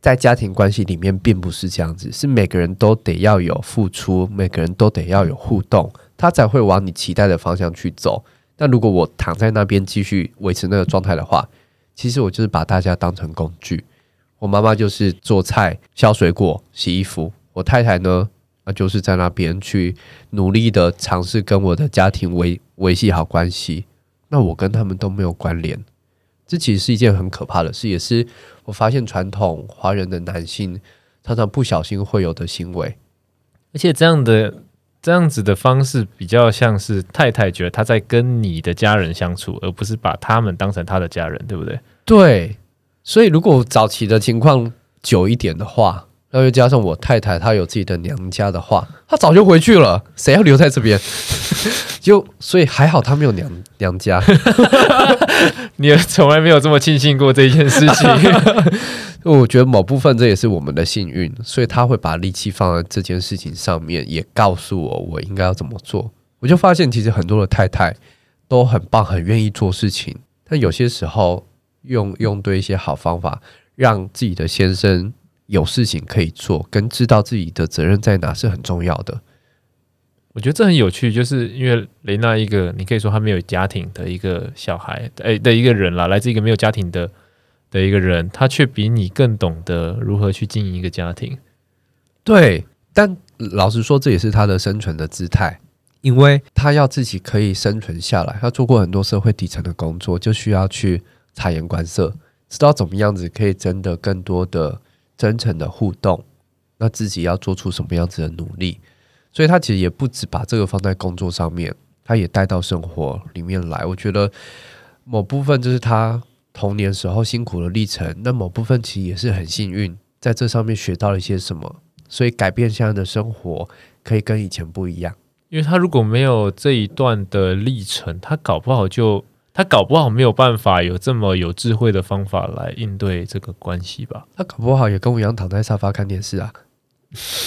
在家庭關係裡面，並不是這樣子，是每個人都得要有付出，每個人都得要有互動，他才會往你期待的方向去走。但如果我躺在那邊繼續維持那個狀態的話，其實我就是把大家當成工具。我媽媽就是做菜、削水果、洗衣服；我太太呢，那就是在那邊去努力的嘗試跟我的家庭維維繫好關係。那我跟他們都沒有關聯，這其實是一件很可怕的事，也是我發現傳統華人的男性常常不小心會有的行為，而且這樣的。這樣子的方式比較像是，太太覺得他在跟你的家人相處，而不是把他們當成他的家人，對不對？對，所以如果早期的情況久一點的話。然後又加上我太太，她有自己的娘家的話，她早就回去了，誰要留在這邊？就所以還好她沒有娘娘家， 你也從來沒有這麼慶幸過這件事情。 我覺得某部分這也是我們的幸運，所以她會把力氣放在這件事情上面，也告訴我我應該要怎麼做。我就發現其實很多的太太都很棒，很願意做事情，但有些時候用用對一些好方法，讓自己的先生。有事情可以做，跟知道自己的責任在哪是很重要的。我覺得這很有趣，就是因為雷娜，一個你可以說他沒有家庭的一個小孩，誒、欸，的一個人啦，來自一個沒有家庭的的一個人，他卻比你更懂得如何去經營一個家庭。對，但老實說，這也是他的生存的姿態，因為他要自己可以生存下來。他做過很多社會底層的工作，就需要去察言觀色，知道怎麼樣子可以真的更多的。真誠的互動，那自己要做出什麼樣子的努力？所以他其實也不只把這個放在工作上面，他也帶到生活裡面來。我覺得某部分就是他童年時候辛苦的歷程，那某部分其實也是很幸運，在這上面學到了一些什麼，所以改變現在的生活可以跟以前不一樣。因為他如果沒有這一段的歷程，他搞不好就。他搞不好沒有辦法有這麼有智慧的方法來應對這個關係吧？他搞不好也跟我一樣躺在沙發看電視啊。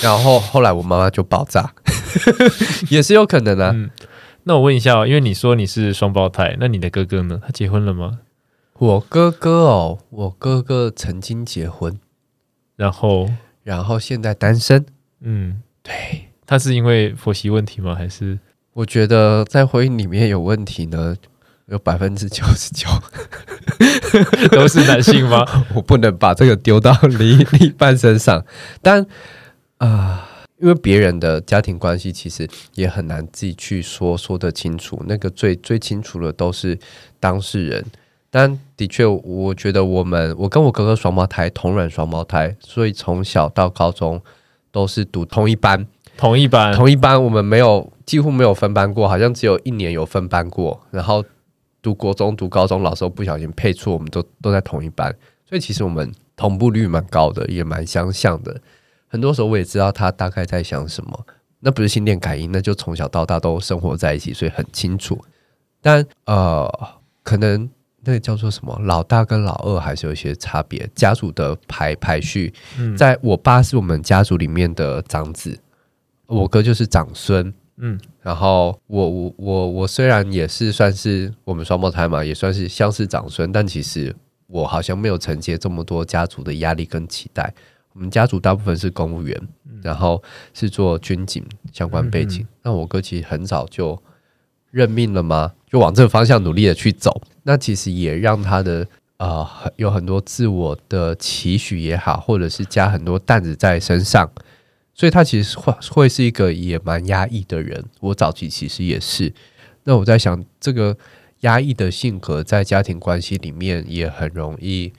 然後後來我媽媽就爆炸， 也是有可能的，啊 嗯。那我問一下，因為你說你是雙胞胎，那你的哥哥呢？他結婚了嗎？我哥哥哦，我哥哥曾經結婚，然後然後現在單身。嗯，對，他是因為婆媳問題嗎？還是我覺得在婚姻裡面有問題呢？有百分之九十九都是男性嗎？ 我？我不能把這個丟到另一半身上，但啊、呃，因為別人的家庭關係其實也很難自己去說說得清楚。那個最最清楚的都是當事人。但的確，我覺得我們我跟我哥哥雙胞胎，同卵雙胞胎，所以從小到高中都是讀同一班，同一班，同一班。我們沒有幾乎沒有分班過，好像只有一年有分班過，然後。讀國中、讀高中，老師不小心配錯，我們都都在同一班，所以其實我們同步率蠻高的，也蠻相像的。很多時候我也知道他大概在想什麼，那不是心電感應，那就從小到大都生活在一起，所以很清楚。但呃，可能那個叫做什麼，老大跟老二還是有一些差別。家族的排排序，在我爸是我們家族裡面的長子、嗯，我哥就是長孫。嗯，然後我我我我雖然也是算是我們雙胞胎嘛，也算是像是長孫，但其實我好像沒有承接這麼多家族的壓力跟期待。我們家族大部分是公務員，然後是做軍警相關背景。那、嗯嗯嗯、我哥其實很早就認命了嘛，就往這個方向努力的去走。那其實也讓他的啊、呃，有很多自我的期許也好，或者是加很多擔子在身上。所以，他其實會會是一個也蠻壓抑的人。我早期其實也是。那我在想，這個壓抑的性格在家庭關係裡面也很容易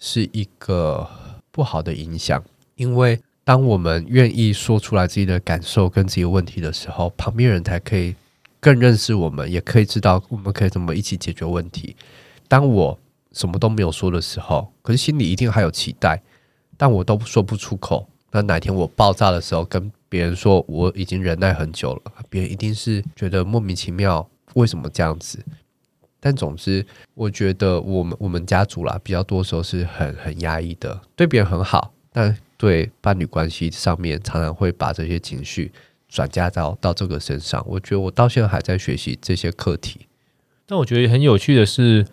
是一個不好的影響。因為，當我們願意說出來自己的感受跟自己的問題的時候，旁邊人才可以更認識我們，也可以知道我們可以怎麼一起解決問題。當我什麼都沒有說的時候，可是心裡一定還有期待，但我都不說不出口。那哪一天我爆炸的時候，跟別人說我已經忍耐很久了，別人一定是覺得莫名其妙，為什麼這樣子？但總之，我覺得我們我們家族啦，比較多時候是很很壓抑的，對別人很好，但對伴侶關係上面，常常會把這些情緒轉嫁到到這個身上。我覺得我到現在還在學習這些課題，但我覺得很有趣的是。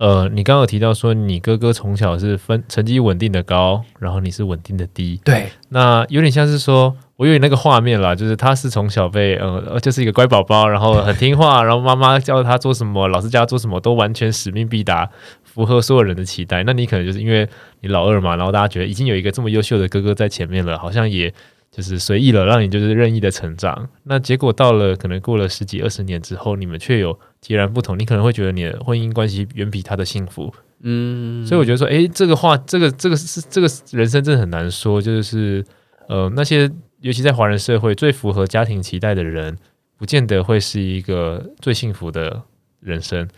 呃，你剛剛有提到說，你哥哥從小是分成績穩定的高，然後你是穩定的低。對，那有點像是說，我有你那個畫面啦，就是他是從小被呃，呃，就是一個乖寶寶，然後很聽話， 然後媽媽教他做什麼，老師教他做什麼，都完全使命必達，符合所有人的期待。那你可能就是因為你老二嘛，然後大家覺得已經有一個這麼優秀的哥哥在前面了，好像也。就是隨意了，讓你就是任意的成長。那結果到了，可能過了十幾二十年之後，你們卻有截然不同。你可能會覺得你的婚姻關係遠比他的幸福。嗯，所以我覺得說，誒，這個話，這個這個是這個人生真的很難說。就是呃，那些尤其在華人社會最符合家庭期待的人，不見得會是一個最幸福的人生。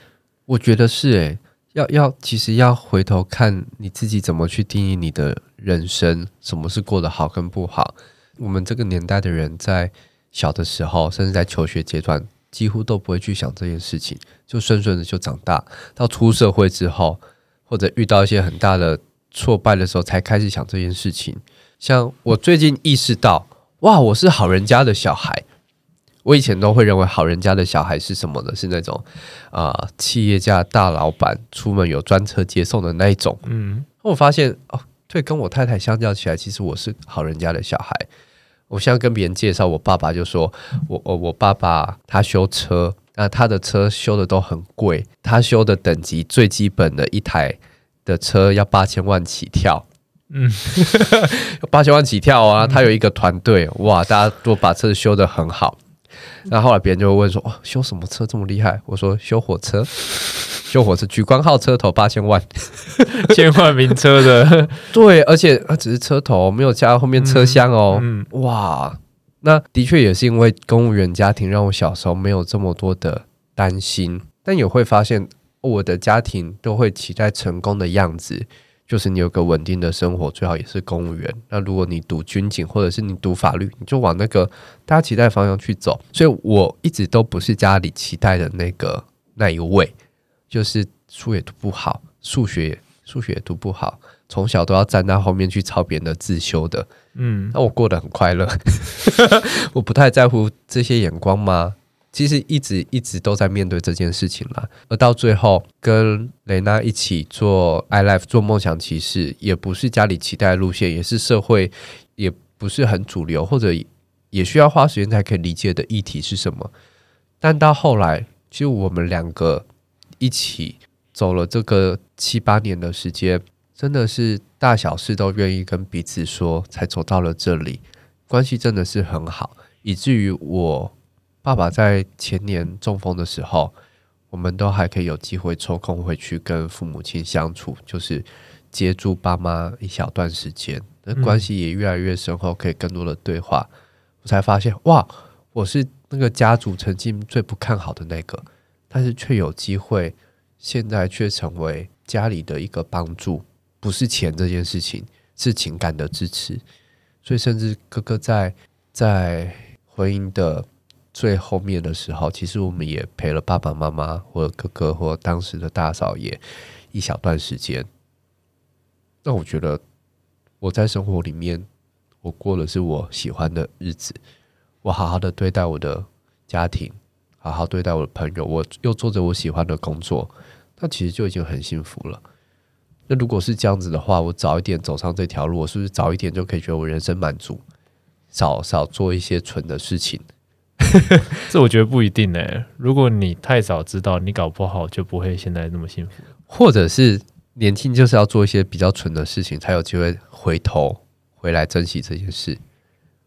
我覺得是哎，要要其實要回頭看你自己怎麼去定義你的人生，什麼是過得好跟不好。我們這個年代的人，在小的時候，甚至在求學階段，幾乎都不會去想這件事情，就順順的就長大。到出社會之後，或者遇到一些很大的挫敗的時候，才開始想這件事情。像我最近意識到，哇，我是好人家的小孩。我以前都會認為好人家的小孩是什麼的？是那種啊、呃，企業家大老闆出門有專車接送的那一種。嗯，我發現哦，對，跟我太太相較起來，其實我是好人家的小孩。我現在跟別人介紹，我爸爸就說：“我我我爸爸他修車，那他的車修的都很貴，他修的等級最基本的一台的車要八千萬起跳，嗯，八千萬起跳啊！他有一個團隊，哇，大家都把車子修得很好。”然後，後來別人就會問說：“哦，修什麼車這麼厲害？”我說：“修火車， 修火車，莒光號車頭八千萬， 千萬名車的。 ”對，而且它只是車頭，沒有加後面車廂哦。嗯，嗯。哇，那的確也是因為公務員家庭，讓我小時候沒有這麼多的擔心，但也會發現我的家庭都會期待成功的樣子。就是你有個穩定的生活，最好也是公務員。那如果你讀軍警，或者是你讀法律，你就往那個大家期待的方向去走。所以我一直都不是家裡期待的那個那一位，就是書也讀不好，數學數學也讀不好，從小都要站到後面去抄別人的自修的。嗯，那我過得很快樂， 我不太在乎這些眼光嗎？其實一直一直都在面對這件事情啦，而到最後跟雷娜一起做 I-Life 做夢想騎士，也不是家裡期待的路線，也是社會也不是很主流，或者也需要花時間才可以理解的議題是什麼。但到後來，就我們兩個一起走了這個七八年的時間，真的是大小事都願意跟彼此說，才走到了這裡，關係真的是很好，以至於我。爸爸在前年中風的時候，我們都還可以有機會抽空回去跟父母親相處，就是接住爸媽一小段時間，那關係也越來越深厚，可以更多的對話，嗯。我才發現，哇，我是那個家族曾經最不看好的那個，但是卻有機會，現在卻成為家裡的一個幫助，不是錢這件事情，是情感的支持。所以，甚至哥哥在在婚姻的。最後面的時候，其實我們也陪了爸爸媽媽，或哥哥，或當時的大嫂，也一小段時間。那我覺得，我在生活裡面，我過的是我喜歡的日子，我好好的對待我的家庭，好好對待我的朋友，我又做着我喜歡的工作，那其實就已經很幸福了。那如果是這樣子的話，我早一點走上這條路，我是不是早一點就可以覺得我人生滿足，少少做一些蠢的事情？ 這我覺得不一定呢、欸。如果你太早知道，你搞不好就不會現在那麼幸福。或者是年輕就是要做一些比較蠢的事情，才有機會回頭回來珍惜這件事。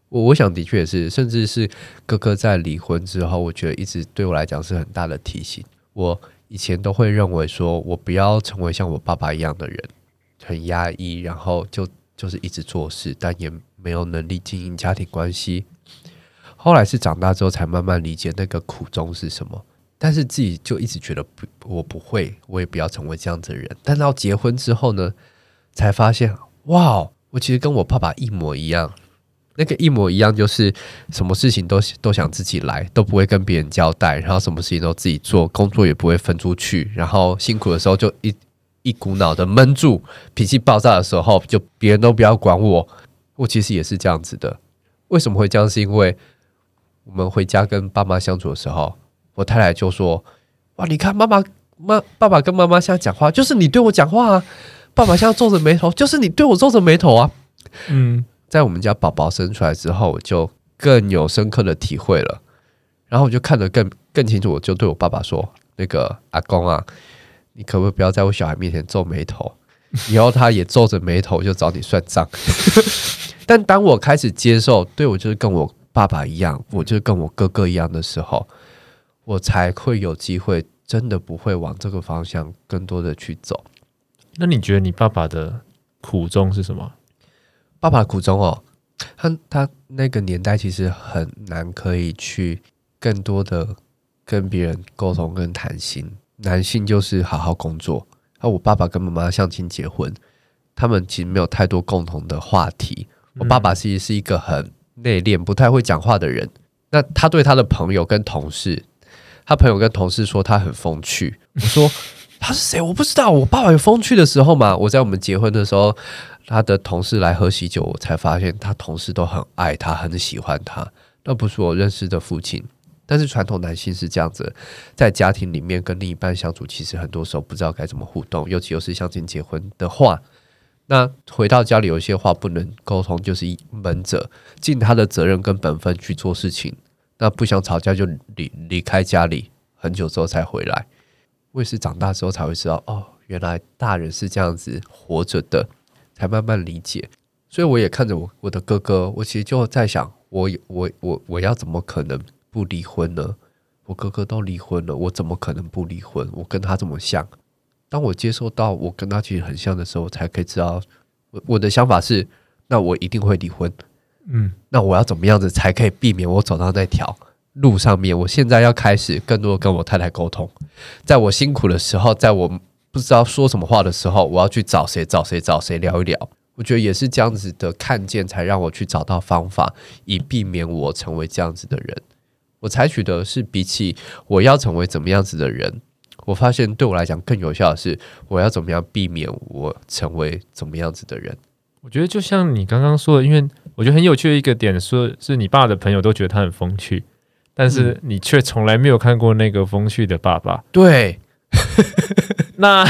我我想的確也是，甚至是哥哥在離婚之後，我覺得一直對我來講是很大的提醒。我以前都會認為說，我不要成為像我爸爸一樣的人，很壓抑，然後就就是一直做事，但也沒有能力經營家庭關係。後來是長大之後才慢慢理解那個苦衷是什麼，但是自己就一直覺得不，我不會，我也不要成為這樣子的人，但到結婚之後呢，才發現哇，我其實跟我爸爸一模一樣。那個一模一樣就是什麼事情都都想自己來，都不會跟別人交代，然後什麼事情都自己做，工作也不會分出去，然後辛苦的時候就一一股腦的悶住，脾氣爆炸的時候就別人都不要管我。我其實也是這樣子的，為什麼會這樣？是因為。我們回家跟爸媽相處的時候，我太太就說：“哇，你看媽媽，媽，爸爸跟媽媽現在講話，就是你對我講話啊。爸爸現在皺着眉頭，就是你對我皺着眉頭啊。”嗯，在我們家寶寶生出來之後，我就更有深刻的體會了。然後我就看得更更清楚，我就對我爸爸說：“那個阿公啊，你可不可以不要在我小孩面前皺眉頭？以後他也皺着眉頭就找你算賬。 ” 但當我開始接受，對我就是跟我。爸爸一樣，我就跟我哥哥一樣的時候，我才會有機會，真的不會往這個方向更多的去走。那你覺得你爸爸的苦衷是什麼？爸爸苦衷哦，他他那個年代其實很難可以去更多的跟別人溝通跟談心。男性就是好好工作。那，啊，我爸爸跟媽媽相親結婚，他們其實沒有太多共同的話題。我爸爸其實是一個很內斂、不太會講話的人，那他對他的朋友跟同事，他朋友跟同事說他很風趣。我說他是誰？我不知道。我爸爸有風趣的時候嘛？我在我們結婚的時候，他的同事來喝喜酒，我才發現他同事都很愛他，很喜歡他。那不是我認識的父親，但是傳統男性是這樣子，在家庭裡面跟另一半相處，其實很多時候不知道該怎麼互動，尤其又是相親結婚的話。那回到家裡，有些話不能溝通，就是一悶着，盡他的責任跟本分去做事情。那不想吵架就離離開家裡，很久之後才回來。我也是長大之後才會知道，哦，原來大人是這樣子活着的，才慢慢理解。所以我也看着我我的哥哥，我其實就在想，我我我我要怎麼可能不離婚呢？我哥哥都離婚了，我怎麼可能不離婚？我跟他這麼像。當我接受到我跟他其實很像的時候，我才可以知道我我的想法是，那我一定會離婚。嗯，那我要怎麼樣子才可以避免我走到那條路上面？我現在要開始更多的跟我太太溝通，在我辛苦的時候，在我不知道說什麼話的時候，我要去找誰？找誰？找誰聊一聊？我覺得也是這樣子的，看見才讓我去找到方法，以避免我成為這樣子的人。我採取的是比起我要成為怎麼樣子的人。我發現對我來講更有效的是，我要怎麼樣避免我成為怎麼樣子的人？我覺得就像你剛剛說的，因為我覺得很有趣的一個點，說是你爸的朋友都覺得他很風趣，但是你卻從來沒有看過那個風趣的爸爸。嗯、對， 那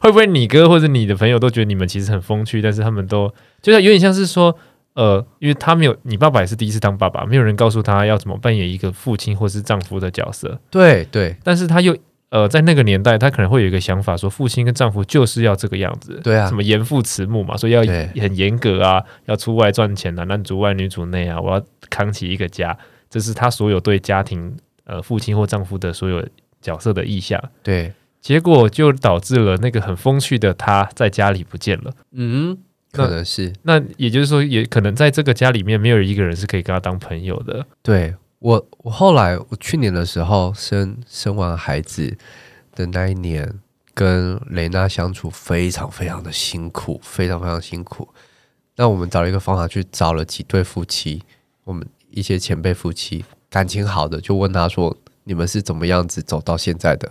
會不會你哥或者你的朋友都覺得你們其實很風趣，但是他們都就像有點像是說，呃，因為他沒有，你爸爸也是第一次當爸爸，沒有人告訴他要怎麼扮演一個父親或是丈夫的角色。對對，但是他又。呃，在那個年代，他可能會有一個想法，說父親跟丈夫就是要這個樣子，對啊，什麼嚴父慈母嘛，所以要很嚴格啊，要出外賺錢啊，男主外女主內啊，我要扛起一個家，這是他所有對家庭，呃，父親或丈夫的所有角色的意向。對，結果就導致了那個很風趣的他在家裡不見了。嗯，可能是。那也就是說，也可能在這個家裡面，沒有一個人是可以跟他當朋友的。對。我我後來我去年的時候生生完孩子的那一年，跟雷娜相處非常非常的辛苦，非常非常辛苦。那我們找了一個方法，去找了幾對夫妻，我們一些前輩夫妻感情好的，就問他說：“你們是怎麼樣子走到現在的？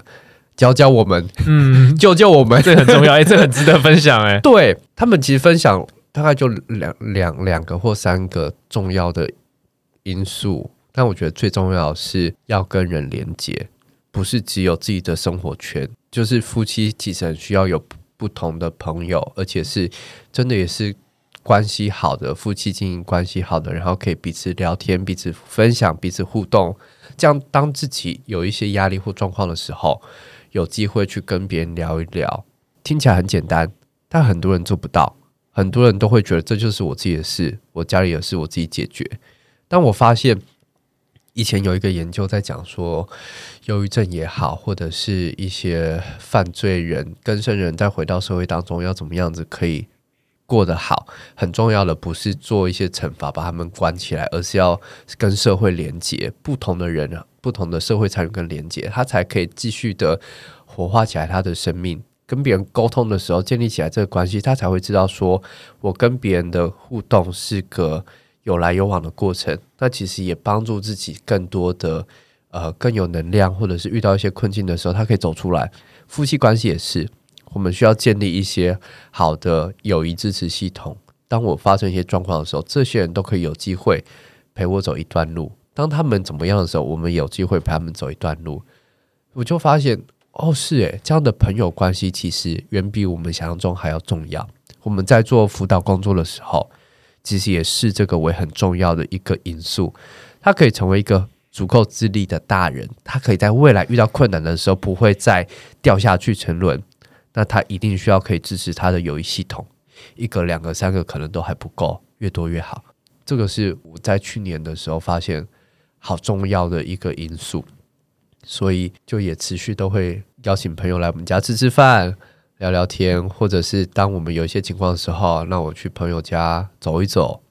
教教我們，嗯， 救救我們，這很重要，哎、欸，這很值得分享、欸，哎。”對，他們其實分享大概就兩兩兩個或三個重要的因素。但我覺得最重要的是要跟人連接，不是只有自己的生活圈，就是夫妻其實很需要有不同的朋友，而且是真的也是關係好的，夫妻經營關係好的，然後可以彼此聊天、彼此分享、彼此互動。這樣當自己有一些壓力或狀況的時候，有機會去跟別人聊一聊，聽起來很簡單，但很多人做不到。很多人都會覺得這就是我自己的事，我家裡的事我自己解決。但我發現。以前有一個研究在講說，憂鬱症也好，或者是一些犯罪人、更生人在回到社會當中，要怎麼樣子可以過得好？很重要的不是做一些懲罰，把他們關起來，而是要跟社會連接。不同的人、不同的社會參與跟連接，他才可以繼續的活化起來他的生命。跟別人溝通的時候，建立起來這個關係，他才會知道說，我跟別人的互動是個。有來有往的過程，那其實也幫助自己更多的呃更有能量，或者是遇到一些困境的時候，他可以走出來。夫妻關係也是，我們需要建立一些好的友誼支持系統。當我發生一些狀況的時候，這些人都可以有機會陪我走一段路。當他們怎麼樣的時候，我們有機會陪他們走一段路。我就發現，哦，是耶，這樣的朋友關係其實遠比我們想象中還要重要。我們在做輔導工作的時候，其實也視這個為很重要的一個因素，他可以成為一個足夠自立的大人，他可以在未來遇到困難的時候不會再掉下去沉淪。那他一定需要可以支持他的友誼系統，一個、兩個、三個可能都還不夠，越多越好。這個是我在去年的時候發現好重要的一個因素，所以就也持續都會邀請朋友來我們家吃吃飯，聊聊天，或者是當我們有一些情況的時候，那我去朋友家走一走，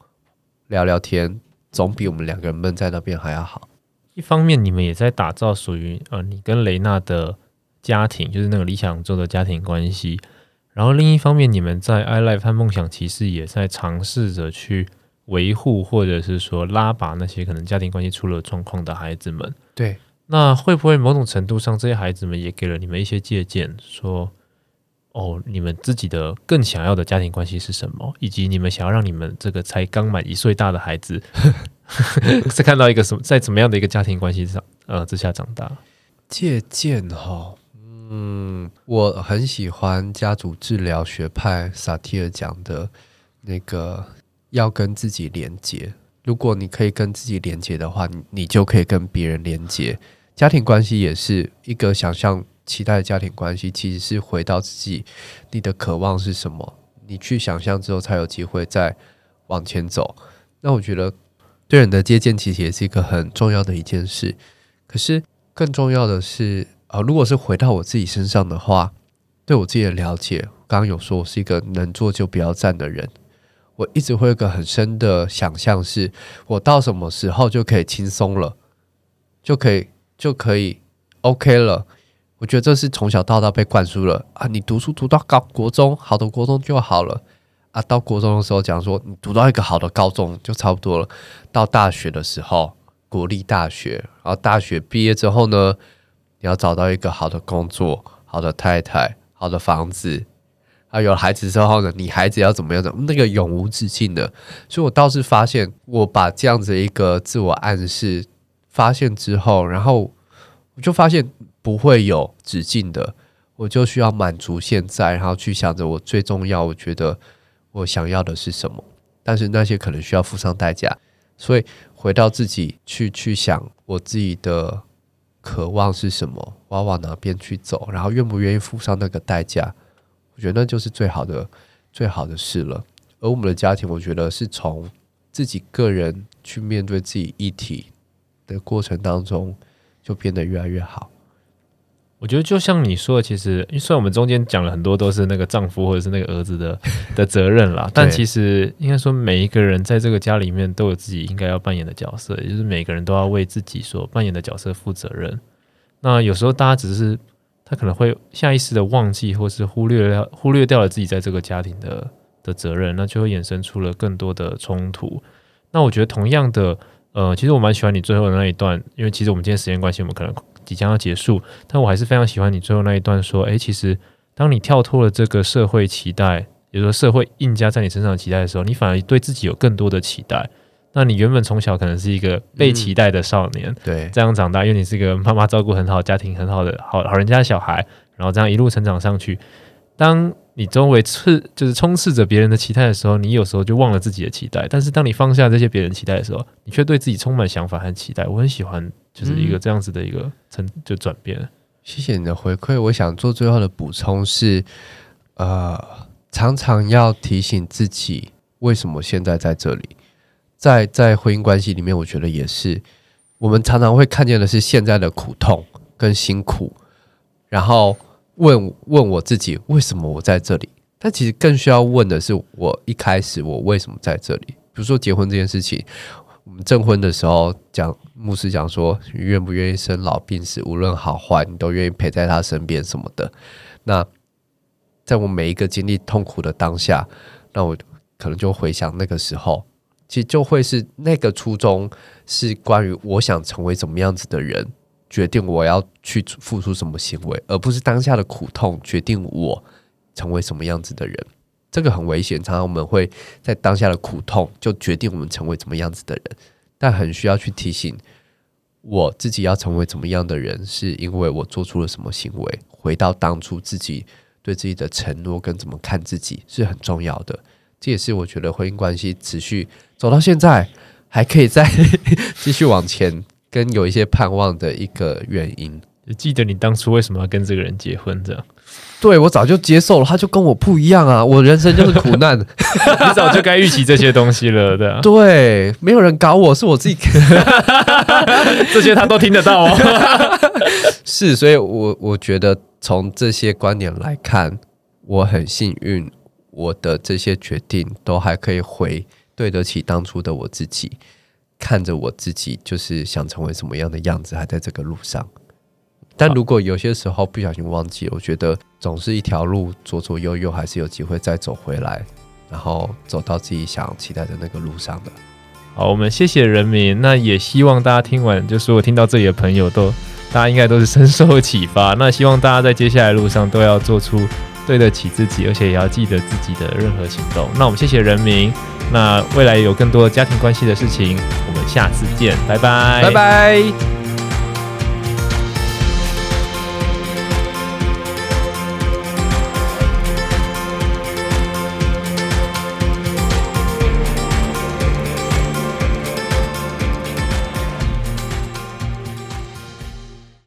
聊聊天，總比我們兩個人悶在那邊還要好。一方面，你們也在打造屬於呃你跟雷娜的家庭，就是那個理想中的家庭關係；然後另一方面，你們在 I-Life 和夢想騎士也在嘗試着去維護，或者是說拉拔那些可能家庭關係出了狀況的孩子們。對，那會不會某種程度上，這些孩子們也給了你們一些借鑑，說？哦、oh，你們自己的更想要的家庭關係是什麼？以及你們想要讓你們這個才剛滿一歲大的孩子， 在看到一個什麼在怎麼樣的一個家庭關係上呃之下長大？借鑑哈，嗯，我很喜歡家族治療學派薩提爾講的那個要跟自己連接。如果你可以跟自己連接的話，你你就可以跟別人連接。家庭關係也是一個想象。期待的家庭關係其實是回到自己，你的渴望是什麼？你去想象之後，才有機會再往前走。那我覺得對人的借鑒其實也是一個很重要的一件事。可是更重要的是，啊、呃，如果是回到我自己身上的話，對我自己的了解，剛剛有說我是一個能坐就不要站的人。我一直會有個很深的想象是，是我到什麼時候就可以輕鬆了，就可以就可以 OK 了。我覺得這是從小到大被灌輸了啊！你讀書讀到高國中，好的國中就好了啊！到國中的時候講說，你讀到一個好的高中就差不多了。到大學的時候，國立大學，然後大學畢業之後呢，你要找到一個好的工作、好的太太、好的房子啊！有了孩子之後呢，你孩子要怎麼樣的？那個永無止境的。所以我倒是發現，我把這樣子一個自我暗示發現之後，然後我就發現。不會有止境的，我就需要滿足現在，然後去想着我最重要，我覺得我想要的是什麼，但是那些可能需要付上代價，所以回到自己去去想我自己的渴望是什麼，我要往哪邊去走，然後願不願意付上那個代價，我覺得那就是最好的最好的事了。而我們的家庭，我覺得是從自己個人去面對自己議題的過程當中，就變得越來越好。我覺得就像你說的，其實因為雖然我們中間講了很多都是那個丈夫或者是那個兒子的的責任啦， 但其實應該說每一個人在這個家裡面都有自己應該要扮演的角色，也就是每個人都要為自己所扮演的角色負責任。那有時候大家只是他可能會下意識的忘記或是忽略掉忽略掉了自己在這個家庭的的責任，那就會衍生出了更多的衝突。那我覺得同樣的，呃，其實我蠻喜歡你最後的那一段，因為其實我們今天時間關係，我們可能。即將要結束，但我還是非常喜歡你最後那一段說：“哎，其實當你跳脫了這個社會期待，也就是說社會硬加在你身上的期待的時候，你反而對自己有更多的期待。那你原本從小可能是一個被期待的少年，嗯、對，這樣長大，因為你是一個媽媽照顧很好、家庭很好的好好人家小孩，然後這樣一路成長上去。當你周圍刺就是充斥着別人的期待的時候，你有時候就忘了自己的期待。但是當你放下這些別人期待的時候，你卻對自己充滿想法和期待。我很喜歡。”就是一個這樣子的一個成就轉變。嗯。謝謝你的回饋。我想做最後的補充是，呃，常常要提醒自己為什麼現在在這裡，在在婚姻關係裡面，我覺得也是我們常常會看見的是現在的苦痛跟辛苦，然後問問我自己為什麼我在這裡。但其實更需要問的是，我一開始我為什麼在這裡？比如說結婚這件事情。我們證婚的時候，講牧師講說，你願不願意生老病死，無論好壞，你都願意陪在他身邊什麼的。那在我每一個經歷痛苦的當下，那我可能就回想那個時候，其實就會是那個初衷，是關於我想成為什麼樣子的人，決定我要去付出什麼行為，而不是當下的苦痛決定我成為什麼樣子的人。這個很危險，常常我們會在當下的苦痛就決定我們成為怎麼樣子的人，但很需要去提醒我自己要成為怎麼樣的人，是因為我做出了什麼行為。回到當初自己對自己的承諾跟怎麼看自己是很重要的，這也是我覺得婚姻關係持續走到現在還可以再 繼續往前跟有一些盼望的一個原因。記得你當初為什麼要跟這個人結婚？這樣，對，我早就接受了，他就跟我不一樣啊！我人生就是苦難，你 早就該預期這些東西了。對啊，對，沒有人搞我，是我自己 這些他都聽得到哦 是，所以我，我我覺得從這些觀點來看，我很幸運，我的這些決定都還可以回對得起當初的我自己，看着我自己，就是想成為什麼樣的樣子，還在這個路上。但如果有些時候不小心忘記，我覺得總是一條路左左右右，還是有機會再走回來，然後走到自己想期待的那個路上的。好，我們謝謝仁銘，那也希望大家聽完，就是我聽到這裡的朋友都，大家應該都是深受啟發。那希望大家在接下來的路上都要做出對得起自己，而且也要記得自己的任何行動。那我們謝謝仁銘，那未來有更多的家庭關係的事情，我們下次見，拜拜，拜拜。